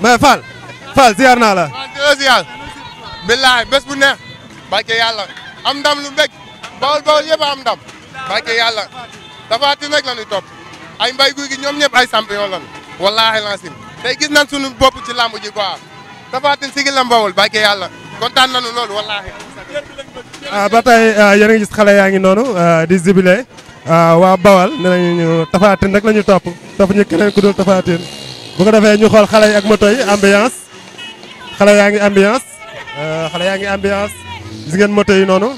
mais Fall Fall ziar naa la. waaw dëgg ziar. billaay bés bu neex. barke yàlla am ndam lu bëgg. bawol bawol yëpp am ndam. barke yàlla dafa tin rek la ñuy topp. ay mbay guy gi ñoom ñëpp ay champion lañu. wallaahi lancim tey gis nañ sunu bopp ci làmb ji quoi. dafa tin sigi la mbawol yàlla kontaan nañu lool wallaahi. ah ba tey ah, yéen yaa ngi noonu ah, di zibilé ah, waa bawal nee nañu rek la ñu topp topp ñu keneen ku dul bu defee ñu xool xale yi ak moto yi ambiance xale yaa ngi ambiance euh, xale yaa ngi ngeen moto yi noonu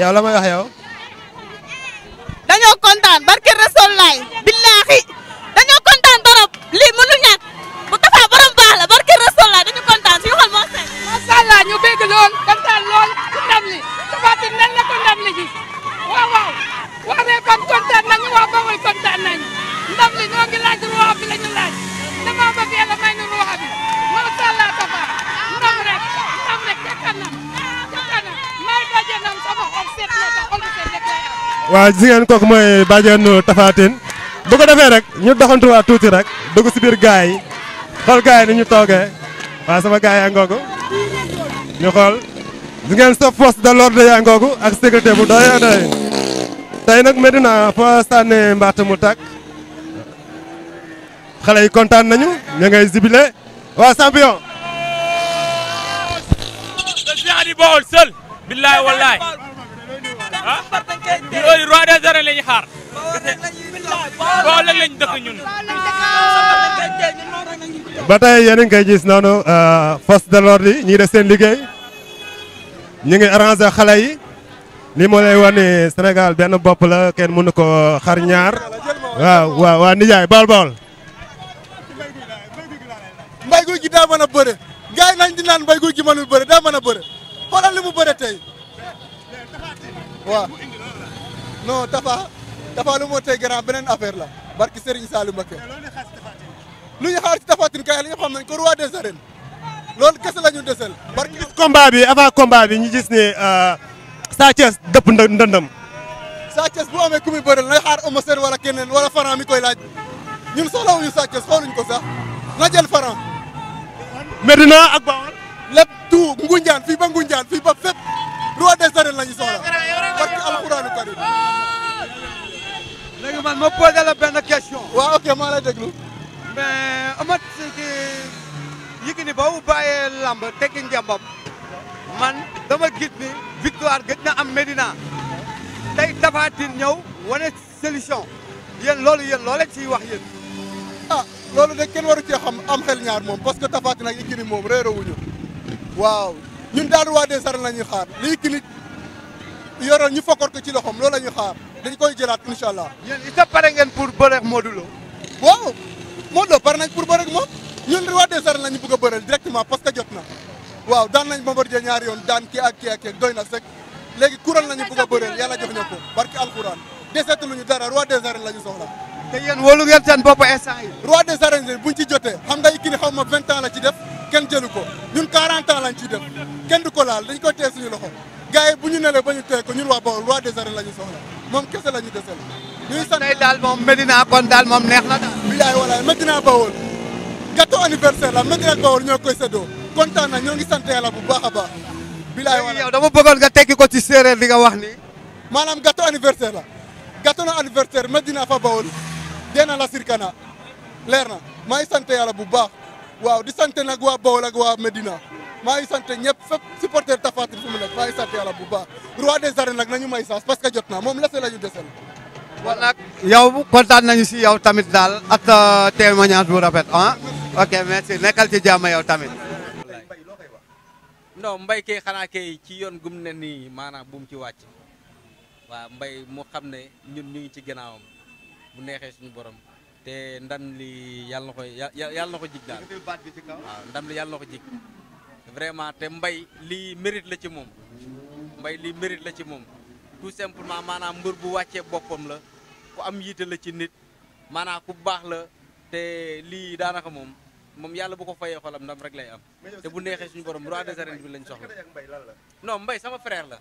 yow la may wax yow. dañoo kontaan barke Rasoul laay billaahi dañoo kontaan torop lii mënul ñàkk. waaw gis ngeen kooku mooy bàjjenu Tapha Tine bu ko defee rek ñu waa tuuti rek dugg si biir gaay yi xool gaay yi ni ñu toogee waa sama gaay yaa ngoogu ñu xool gis ngeen sa force de yaa ngoogu ak sécurité bu doy doy tey nag Medina foo sànni mbaat mu tàkk xale yi kontaan nañu ñu ngay jubilé waa champion. Bawol seul ah yooyu roi des arènes la koy gis noonu euh, force de l'ordre yi seen liggéey ñu ngi arrangé xale yi li moo lay wan ni benn bopp la kenn mënu ko xar ñaar waaw waaw waaw nijaay bawol bawol. mbay guy gi bëre gars nañ di naan mbay guy gi bëre daa bëre xoolal mu bëre tey. waaw non Tafa Tafa lu moo tey grand beneen affaire la barki Serigne Saliou Mbacké lu ñu xaar ci Tapha Tine kay ñëpp xam nañ ko roi des arènes loolu kese la ñu desel barki combat bi avant combat bi ñu gis ne Sa Thiès dëpp ndëndëm Sa Thiès bu amee ku muy bëral na xaar Eumeu Sène wala keneen wala Franc mi koy laaj ñun soxlawuñu Sa Thiès xooluñu ko sax na jël Franc Medina ak Bawol lépp tout Ngunjaan fii ba Ngunjaan fii ba fépp roi des arènes la ñu soxla parce que alxuraanu karim. léegi man ma posé la benn question. waa ok maa lay déglu. mais Amath Yékini ba mu bàyyee lamb tekki njambam man dama gis ni victoire gëj na am Medina tey Tapha Tine ñëw wane solution yen loolu yéen loolee ciy wax yéen. ah loolu de kenn waru cee am xel ñaar moom parce que Tapha Tine ak Yékini moom réeré waaw. ñun daal roi des arènes la ñuy xaar lii kilik yoroon ñu fokkoon ko ci loxoom loolu la ñuy xaar dañ koy jëlaat incha allah. yéen itam pare ngeen pour bëre ak Modou Lo. waaw Modou Lo pare nañ pour bëre ak moom ñun roi des arènes la ñu bëgg a bëreel directement parce que jot na waaw daan nañ Bombardier ñaari yoon daan kii ak kii ak kii doy na sek léegi couronne la ñu bëgg a bëreel yàlla jox ña ko barki alxuraan deseetu lu ñu dara roi des arènes la ñu soxla. te yéen wóolu ngeen seen bopp instant yi. roi des lañ ciy def ko laal dañ koy téye suñu loxo gars bu ñu nelee ba ñu téye ko ñun waa Bawol roi des arènes la ñu soxla moom kese la ñu desel ñuy daal moom Medina kon daal moom neex na daal bilaay walaay Medina Bawol gâteau anniversaire la Medina Bawol ñoo koy séddoo kontaan na ñoo ngi sant yàlla bu baax a baax bilaay walaay yow dama bëggoon nga tekki ko ci séeréer li nga wax ni maanaam gâteau anniversaire la gâteau na anniversaire Medina fa Bawol deena la sirkana leer na maa sant yàlla bu baax waaw di sant nag waa Bawol ak waa Medina maa ngi supporter ta fatir fu mu nekk maa ngi sant yàlla bu baax roi des arènes nag nañu may saas parce que jot naa moom lese la ñu desal yow nañu si yow tamit daal ak euh, témoignage bu rafet ah ok merci nekkal ci jàmm yow tamit non mbay kay xanaa kay ci yoon gum ne nii maanaam bu mu ci wàcc waaw mbay mu xam ne ñun ñu ngi ci gannaawam bu neexee suñu borom ndam li yàlla ko ko jig ndam li ko jig vraiment te mbay lii mérite la ci moom mbay lii mérite la ci moom tout simplement maanaam mbër bu wàccee boppam la ku am yiite la ci nit maanaam ku baax la te lii daanaka moom moom yàlla bu ko fayee xolam ndam rek lay am te bu neexee suñu borom roi des arènes bi lañ soxla non mbay sama frère la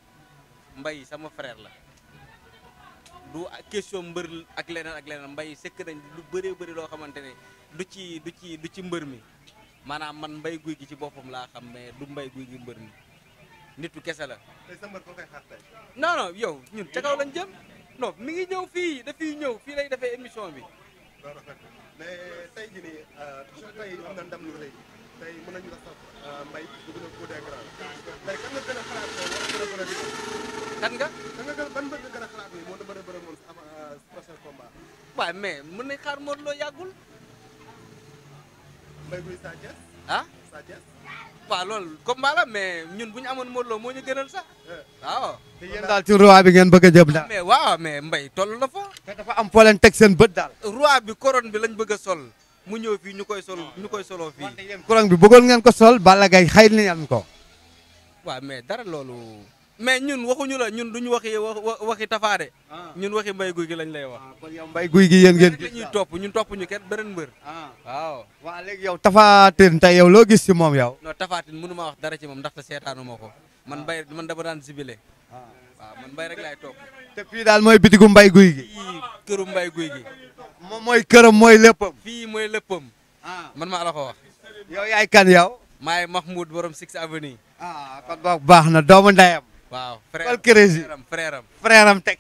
mbay sama frère la du question mbër ak leneen ak leneen mbay sëkk nañ lu bëree bëri loo xamante ne du ci du ci du ci mbër mi manam man mbay guuy gi ci bopam la xam mais du mbay guuy gi mbeur ni nitu kessa la. tay sa mbeur ko koy xaar tey. non non yow ñun ca kaw lañ jëm. non mi ngi ñew fi da fi ñew fi lay defee émission bi. mais tay ji ni euh tay am na ndam lu lay tay mëna ñu la sax euh, mbay du gëna ko dé grand tay kan nga gëna a xalaat euh, wala gën ko bëri kan nga. kan nga ban bëgg gëna xalaat ni mo do bëre bëre mo euh, sa prochain combat. waaw mais mën nañ xaar mo Lo yagul ah waaw loolu combat la mais ñun bu ñu amoon Modou Lo moo ñu gënal sax eh. waaw. te yéen daal ci roi bi ngeen bëgg a jëm daal. mais waaw mais mbay toll na fa. am foo leen teg seen bët daal. roi bi couronne bi lañ bëgg sol mu ñëw fii ñu koy sol ñu koy soloo fii. wante yéen couronne bi bëggoon ngeen ko sol Balla Gaye xayma leen ko. waaw mais dara loolu. mais ñun waxuñu la ñun duñu waxi waxi tafaade ah. ñun waxi mbay guy gi lañ lay wax. Ah, kon yow mbay guy gi yéen ngeen. ñuy topp ñun topp ñu kenn beneen mbër. Ah. waaw waa léegi yow tafaatin tey yow loo gis ci moom yow. non tafaatin mënu ma wax dara ci moom ndaxte seetaanu ma ko man mbay man dama daan sibile. waaw man mbay rek laay topp. te fii daal mooy bitigu mbay guy gi. fii këru mbay guy gi. moom mooy këram mooy léppam. fii mooy léppam. man maa la wax. yow yaay kan yow. maay Mahmoud borom six avenue. ah kon baax na doomu ndeyam. Wow, fal crési frèram frèram teg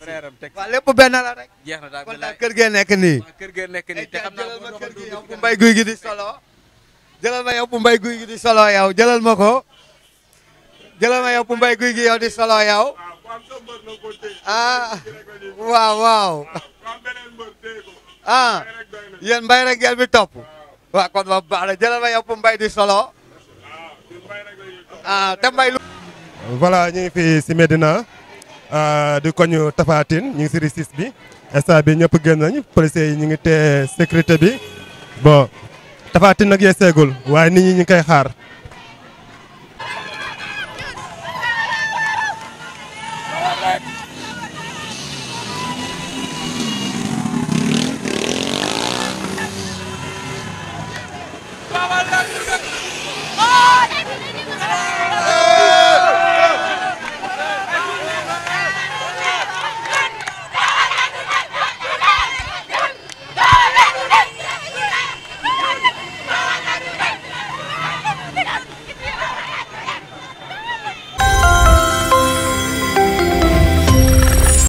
waaw lépp benn la rek jeex na iya, daal kon kër gee nekk nii kër gee nekk nii te xam naa solo jëlal ma yow bu mbay guy gi di solo yow jëlal ma ko jëlal ma yow di solo yow ah waaw waaw ah yéen mbay rek ngeen Wah, topp waaw kon ma baax na jëlal ma di solo ah te lu voilà ñu ngi fi si Medina euh, di koñu Tafatine ñu ngi si risis bi instant bi ñëpp génn nañ policiers yi ñu ngi te sécurité bi bon Tafatine nag yee seegul waaye nit ñi ñu ngi koy xaar.